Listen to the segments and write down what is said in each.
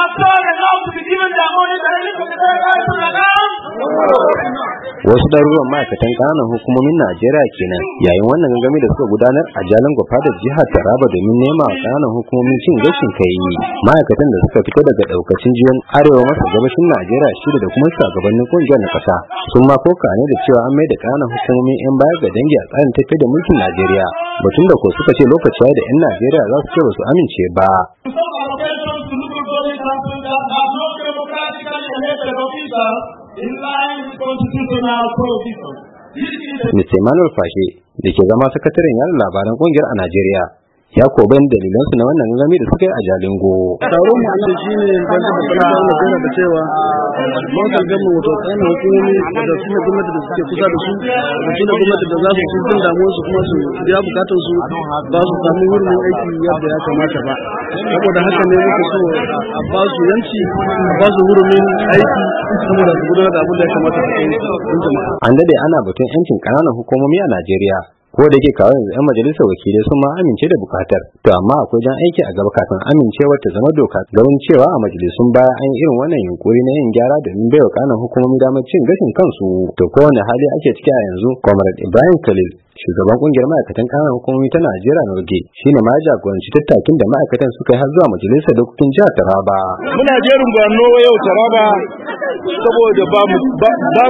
wasu ɗaruruwan ma'aikatan kananan hukumomin najeriya kenan yayin wannan gangami da suka gudanar a jalan gwafa da jihar taraba domin nema wa ƙananan hukumomin cin gashin kai yi ma'aikatan da suka fito daga ɗaukacin jiyon arewa masa gabashin najeriya shida da kuma shugabannin ƙungiyar na kasa sun ma koka ne da cewa an mai da ƙananan hukumomin yan baya ga dangi a tsarin tafiya da mulkin najeriya batun da ko suka ce lokaci da yan najeriya za su ce ba su amince ba are not Mr. Emmanuel Fashe da ke zama sakataren yarin labaran kungiyar a Najeriya ya ko ban dalilan su na wannan gangami da suka yi a Jalingo. Taron mu ne shi ne ban da kuma da kuma da cewa mun san ga mu to kan hukumomi da su ne gwamnati da suke kusa da su da su ne gwamnati da za su sun jin damuwar su kuma su ya bukatun su ba su samu wurin aiki yadda ya kamata ba. Saboda haka ne muke so a ba su yanci a ba su wurin aiki saboda su gudanar da abin da ya kamata su yi. An dade ana batun yancin ƙananan hukumomi a Najeriya ko da ke kawo yanzu 'yan majalisar wakilai sun ma amince da bukatar to amma akwai jan aiki a gaba kafin amincewa ta zama doka gaban cewa a majalisun baya an yi irin wannan yunkuri na yin gyara domin baiwa kanan hukumomi damar cin gashin kansu to kowane hali ake ciki a yanzu comrade ibrahim khalil shugaban kungiyar ma'aikatan kanan hukumomi ta najeriya norge shine ma jagoranci tattakin da ma'aikatan suka yi har zuwa majalisar dokokin jihar taraba muna jerin gwanno yau taraba saboda ba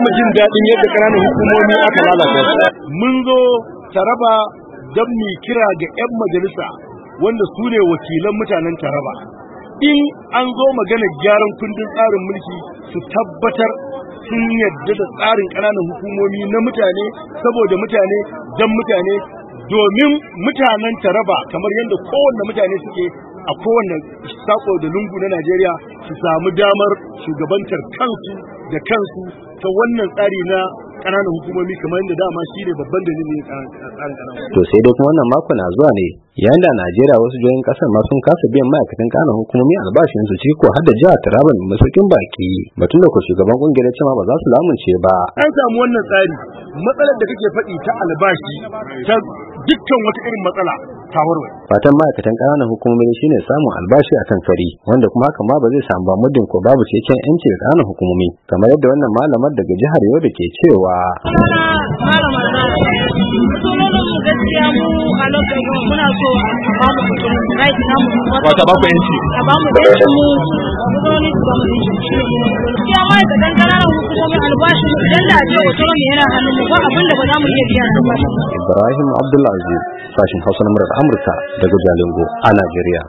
mu jin daɗin yadda kananan hukumomi aka lalata mun zo taraba don mai kira ga 'yan majalisa wanda su ne wakilan mutanen taraba in an zo magana gyaran kundin tsarin mulki su tabbatar sun yadda da tsarin ƙananan hukumomi na mutane saboda mutane don mutane domin mutanen taraba kamar yadda kowanne mutane suke a kowanne sako da lungu na najeriya su samu damar shugabantar kansu da kansu ta wannan tsari na Kananan hukumomi kamar yadda dama shi ne babban da ne tsarin To sai dai kuma wannan mako na zuwa ne yayin da Najeriya wasu jihohin ƙasar ma sun kasa biyan ma'aikatan ƙananan hukumomi albashin su ciko har da jihar Taraban, mai masaukin baki batun da ku shugaban kungiyar cewa ba za su lamunce ba. An samu wannan tsari matsalar da kake faɗi ta albashi ta dukkan wata irin matsala ta fatan ma'aikatan ƙananan hukumomi shine samun albashi a kan kari wanda kuma haka ma ba zai samu ba muddin ko babu cikin yanci da ƙananan hukumomi kamar yadda wannan malamar daga jihar Yobe ke cewa ba a ba mu yanci mu gaskiya ma'aikatan ƙananan hukumomi albashin idan da ajiye wa tsoron yana hannun mu ba abin da ba za mu iya biya ba albashin. Ibrahim Abdulaziz sashin Hausa na Murar Amurka daga Jalingo a Najeriya.